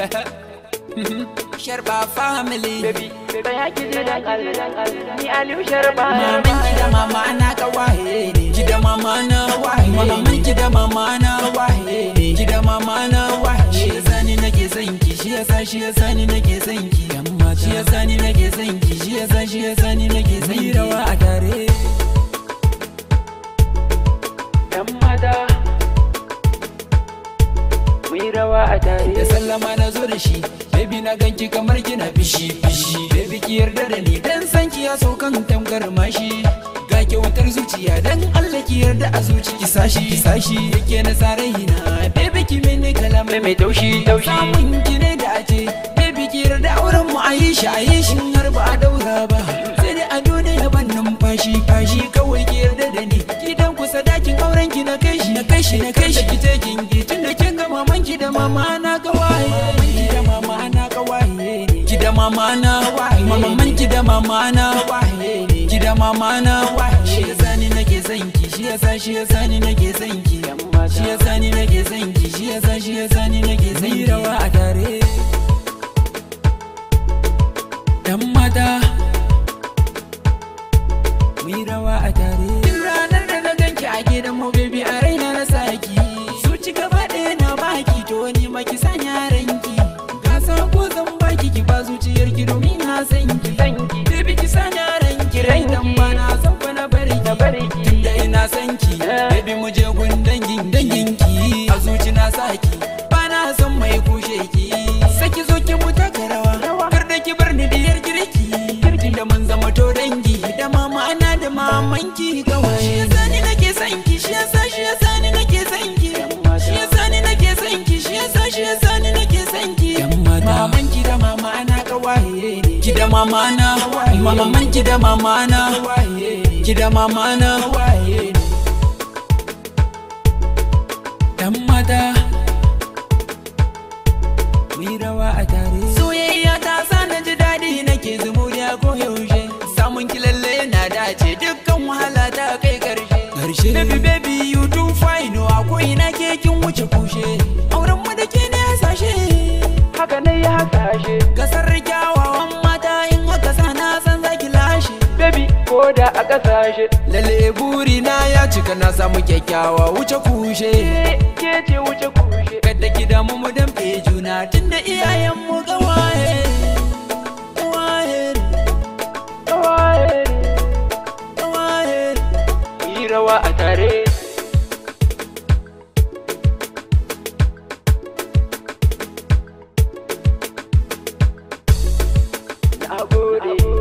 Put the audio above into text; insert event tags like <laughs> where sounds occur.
<laughs> Sharba family. Baby, bai haƙi ji da Ni Aliyu Sharba. Maman ki da mama na ka wahe. Ki da mama na wahe. Maman ki da mama na wahe. Ki da mama na wahe. Shi yasa ni nake son ki. Shi yasa shi yasa ni nake son ki. Shi yasa ni nake son ki. Shi yasa shi yasa ni nake son ki. Ni rawa a tare. yi rawa a tare da sallama na zo da shi baby na ganki kamar kina fishi fishi baby ki yarda da ni dan san ki ya so kan tamkar mashi ga kyautar zuciya dan Allah ki yarda a zuci ki sashi ki sashi yake na sarai na baby ki mini kalama mai taushi taushi samun ki ne da aje baby ki yarda auren mu a yi shi a yi shi shi kashi kawai ki yarda da ni gidan kusa dakin auren ki na kai shi na kai shi na kai shi ki je jingi. tun da kin ga maman ki da mama na kawai maman ki da mama na kawai ki da mama na maman ki da mama na ki da mama na shi ya sani nake son ki shi sa shi ya sani nake son ki shi ya sani nake son ki shi sa shi ya sani nake son ki rawa a tare dan mata a gidan mu baby a raina na saki su ci gaba ɗaya na baki to ni maki sani son ki shi yasa shi yasa ni nake son ki shi yasa ni nake son ki shi yasa shi yasa ni nake son ki maman ki da mama na kawaye ne ki da mama na maman ki da mama na ki da mama na dan mata mu rawa a tare soyayya ta sa na ji daɗi nake zumuriya ko yaushe samun ki lalle na dace dukkan wahala ta kai Baby baby you do fine a ko ina wuce kushe auren mu da ke ne hasashe haka ne ya hasashe gasar kyawawan mata in haka sana san zaki lashe baby ko da a kasashe lalle buri na ya cika na samu kyakkyawa wuce kushe ke ce wuce gode.